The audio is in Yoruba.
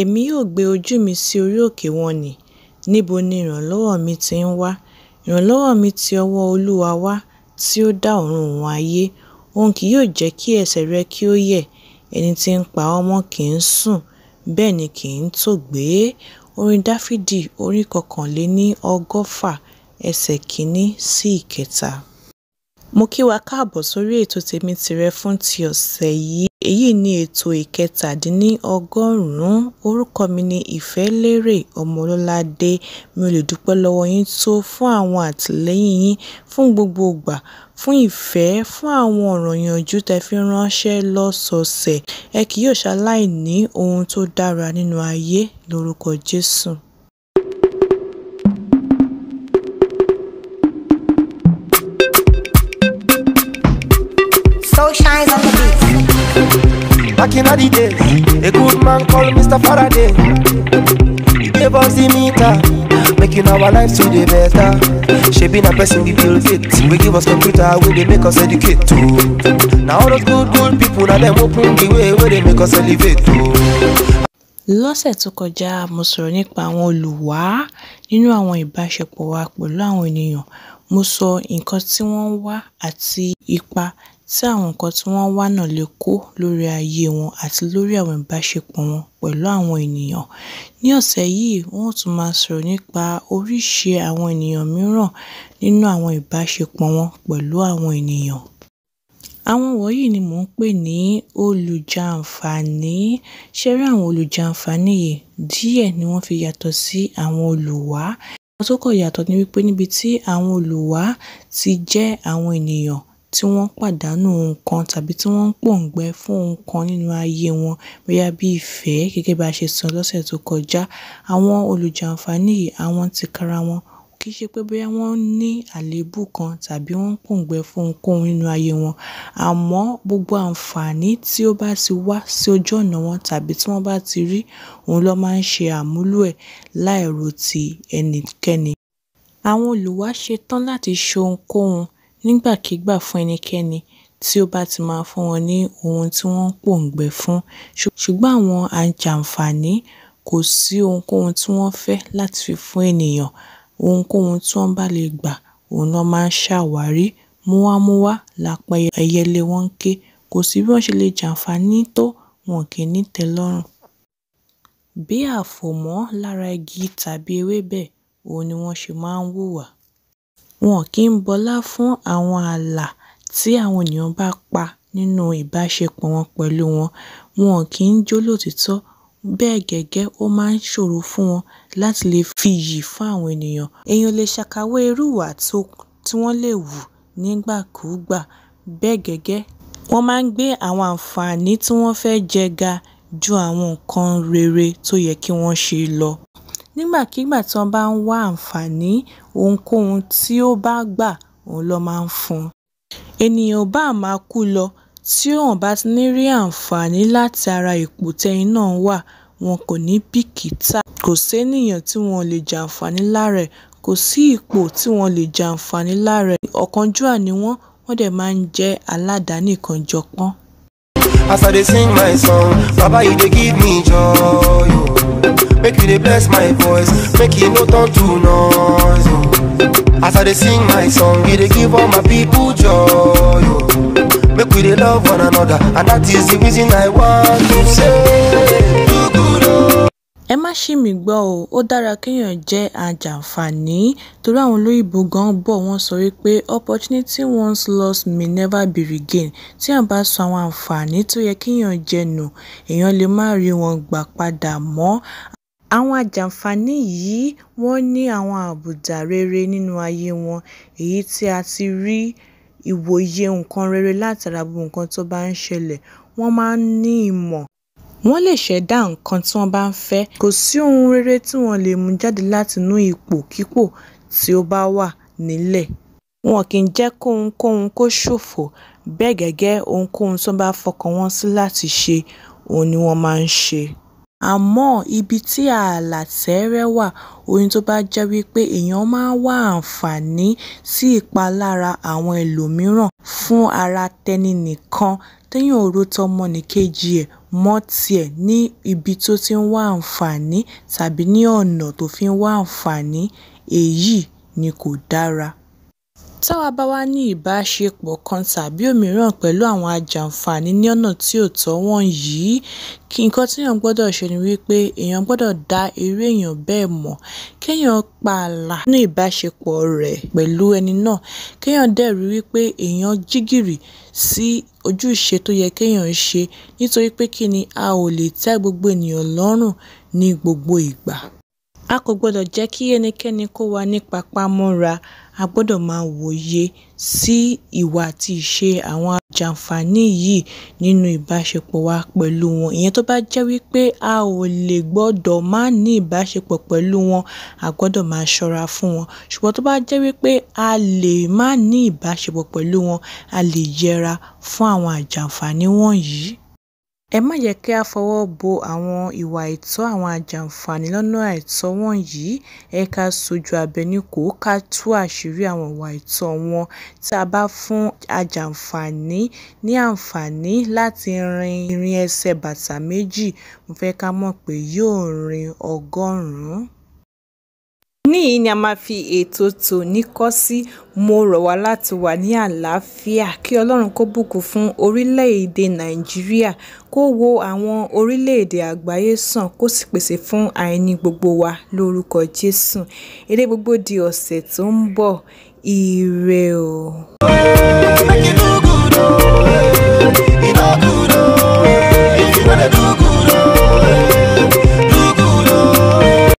èmi yóò gbé ojú mi sí orí òkè wọ̀nnì: níbo ni ìrànlọ́wọ́ mi ti ń wá? Ìrànlọ́wọ́ mi ti ọwọ́ Olúwa wá tí ó dá ọ̀run òun ayé. Òun kì yóò jẹ́ kí ẹsẹ̀ rẹ kí ó yẹ̀. Ẹni tí ń pa ọ́ kì í sùn, bẹ́ẹ̀ ni kì í tòògbé. Orin Dafidi orí kọkànléníọgọ́fà ẹsẹ̀ kìíní sí ìkẹta. Mo kí wa káàbọ̀ sórí ètò Tèmi Tìrẹ fún ti ọ̀sẹ̀ yìí. Èyí ni ètò ìkẹtàdínníọgọ́rùn-ún. Orúkọ mi ni Ìfẹ́lérè Ọmọlọ́ládé. Mi ò lè dúpẹ́ lọ́wọ́ yín tó fún àwọn àtìlẹ́yìn yín fún gbogbo ìgbà, fún ìfẹ́, fún àwọn ọ̀rọ̀ ìyànjú tẹ fi ń ránṣẹ́ lọ́sọ̀ọ̀sẹ̀. Ẹ kì yóò ṣaláì ní ohun tó dára nínú ayé. Lórúkọ Jésù. back in the day. A good man called Mr. Faraday. He gave us the meter, making our lives today better. Shaping a person we build it. We give us computer, we they make us educate too. Now all those good good people, now them open the way, where they make us elevate too. lọ́sẹ̀ tó kọjá mo sọ̀rọ̀ nípa àwọn olùwà nínú àwọn ìbáṣepọ̀ wa pẹ̀lú àwọn ènìyàn mo sọ nǹkan tí wọ́n ń wá àti ipa tí àwọn nǹkan tí wọ́n ń wá náà lè kó lórí ayé wọn àti lórí àwọn ìbáṣepọ̀ wọn pẹ̀lú àwọn ènìyàn. Ní ọ̀sẹ̀ yìí, n ó tún máa sọ̀rọ̀ nípa oríṣi àwọn ènìyàn mìíràn nínú àwọn ìbáṣepọ̀ wọn pẹ̀lú àwọn ènìyàn. Àwọn wọ̀nyí ni mò ń pè ní olùjàǹfààní. Ṣé rí àwọn olùjàǹfààní yìí? Díẹ̀ ni wọ́n fi yàtọ̀ sí àwọn olùwá. Ohun tó kàn yàtọ̀ ni wípé níbi tí àwọn olùwá ti jẹ́ àwọn ènìyàn tí wọ́n pàdánù ohun kan tàbí tí wọ́n ń pòǹgbẹ fún ohun kan nínú ayé wọn bóyá bí ìfẹ́ gẹ́gẹ́ bí a ṣe sọ lọ́sẹ̀ tó kọjá. Àwọn olùjàǹfààní yìí àwọn tìkára wọn kì í ṣe pé bóyá wọ́n ní àléébù kan tàbí wọ́n ń pòǹgbẹ fún ohunkóhun nínú ayé wọn. Àmọ́ gbogbo àǹfààní tí ó bá ti wá sí ojú ọ̀nà wọn tàbí tí wọ́n bá ti rí, òun ló máa ń ṣe àmúlò ẹ̀ láì ro ti ẹnikẹ́ni. Àwọn olùwà ṣe láti ṣe ohunkóhun nígbàkigbà fún ẹnikẹ́ni tí ó bá ti máa fún wọn ní ohun tí wọ́n ń pòǹgbẹ fún ṣùgbọ́n àwọn ajàǹfààní kò sí ohunkóhun tí wọ́n fẹ́ láti fi fún ènìyàn ohunkóhun tí wọ́n bá lè gbà òun lọ́ máa ń ṣàwárí múwámúwá lápá ẹyẹlé wọn ń ké kò sí bí wọ́n ṣe lè jàǹfààní tó wọn kì í nítẹ́lọ́rùn bí àfòmọ́ lára igi tàbí ewébẹ̀ òun ni wọ́n ṣe máa ń hùwà wọn kì í bọlá fún àwọn ààlà tí àwọn ènìyàn bá pa nínú ìbáṣepọ̀ wọn pẹ̀lú wọn, wọn kì í jólóòtítọ́ bẹ́ẹ̀ gẹ́gẹ́ ó máa ń ṣòro fún wọn láti lè fi iyì fún àwọn ènìyàn. Èèyàn lè ṣàkàwé irú ìwà tí wọ́n lè hù nígbàkúùgbà. Bẹ́ẹ̀ gẹ́gẹ́, wọ́n máa ń gbé àwọn àǹfààní tí wọ́n fẹ́ jẹ ga ju àwọn nǹkan rere tó yẹ kí wọ́n ṣe lọ. Nígbàkigbà tí wọ́n bá ń wá àǹfààní, ohunkóhun tí ó bá gbà òun lọ́ máa ń fún un. ènìyàn ò báà máa kú lọ tí wọn ò bá ti ní rí àǹfààní láti ara ipò tẹ́ni náà wà wọn kò ní bìkítà. kò sénìyàn tí wọn ò lè jàǹfààní lára kò sí ipò tí wọn lè jàǹfààní lára ẹ̀. ọ̀kánjúà ni wọ́n wọ́n dẹ̀ máa ń jẹ́ aládàánìkanjọpọ́n. As I dey sing my song, Baba you dey give me joy. Oh make you dey bless my voice make e no turn to noise oh. as i dey sing my song e dey give all my people joy oh. make we dey love one another and that is the reason i want to say do good oh. ẹ má ṣì mí gbọ́ o ó dára kéèyàn jẹ́ ajàǹfààní torí àwọn olóyìnbó gan bọ̀ wọ́n sọ wípé opportunity once lost may never be regained tí a bá sọ àwọn àǹfààní tó yẹ kéèyàn jẹ nù èèyàn lè má rí wọn gbà padà mọ́ Àwọn ajàǹfààní yìí wọ́n ní àwọn àbùdá rere nínú ayé wọn èyí tí a ti rí ìwòye nǹkan rere látara gbogbo nǹkan tó bá ń ṣẹlẹ̀, wọ́n máa ń ní ìmọ̀, wọ́n lè ṣẹ̀dá nǹkan tí wọ́n bá fẹ́, kò sí ohun rere tí wọn lè mú jáde látinú ipòkípò tí ó bá wà nílẹ̀, wọn kì í jẹ́ kóhunkóhun kó ṣòfò, bẹ́ẹ̀ gẹ́gẹ́ ohunkóhun tí wọ́n bá fọkàn wọn sí láti ṣe, òhun ni wọ́n máa ń ṣe. Àmọ́ ibi tí ààlà tẹ́ẹ́rẹ́ wà, orin tó bá jẹ́ wípé èèyàn máa ń wá àǹfààní sí ìpalára àwọn ẹlòmíràn fún ara tẹni nìkan téèyàn ò ro tọmọnìkejì ẹ̀ mọ́ tiẹ̀ ní ibi tó ti ń wá àǹfààní tàbí ní ọ̀nà tó fi ń wá àǹfààní, èyí ni kò dára. Táwa bá wá ní ìbáṣepọ̀ kan tàbí òmíràn pẹ̀lú àwọn ajàǹfààní ní ọ̀nà tí ò tọ́ wọ̀nyí, nǹkan téèyàn gbọdọ̀ ṣe ni wípé èèyàn gbọdọ̀ dá irú èèyàn bẹ́ẹ̀ mọ̀, kéèyàn pa ààlà nínú ìbáṣepọ̀ rẹ̀ pẹ̀lú ẹni náà, kéèyàn dẹ̀ rí wípé èèyàn jìgìrì sí ojúṣe tó yẹ kéèyàn ṣe nítorí pé kíni, a ò lè tẹ́ gbogbo ènìyàn lọ́rùn ní gbogbo ìgbà. A kò gbọdọ̀ jẹ́ kí ẹnikẹ́ni kó wa ní papá mọ́ra, a gbọdọ̀ máa wòye sí ìwà àti ìṣe àwọn ajàfúnẹ̀tọ́ yìí nínú ìbáṣepọ̀ wa pẹ̀lú wọn, ìyẹn tó bá jẹ́ wípé a ò lè gbọdọ̀ máà ní ìbáṣepọ̀ pẹ̀lú wọn, a gbọdọ̀ máa ṣọ́ra fún wọn, ṣùgbọ́n tó bá jẹ́ wípé a lè máà ní ìbáṣepọ̀ pẹ̀lú wọn, a lè yẹra fún àwọn ajàfúnẹ̀tọ́ wọ̀nyìí. Ẹ má jẹ́ kí á fọwọ́ bo àwọn ìwà ẹ̀tọ́ àwọn ajàǹfààní lọ́nà àìtọ́ wọ̀nyí, ẹ̀ka aṣojú abẹnugan kà tú àṣírí àwọn ìwà ẹ̀tọ́ wọn tí a bá fún ajàǹfààní ní àǹfààní láti rin ìrìnsẹ̀ bàtà méjì, mo fẹ́ ká mọ̀ pé yóò rin ọgọ́rùn níhìn ni a máa fi ètò tòní kọ́ sí mo rọ̀ wá láti wà ní àlàáfíà kí ọlọ́run kó bùkún fún orílẹ̀-èdè nàìjíríà kó wo àwọn orílẹ̀-èdè àgbáyé sàn kó sì pèsè fún àìní gbogbo wa lórúkọ jésù eré gbogbo di ọ̀sẹ̀ tó ń bọ̀ ire o.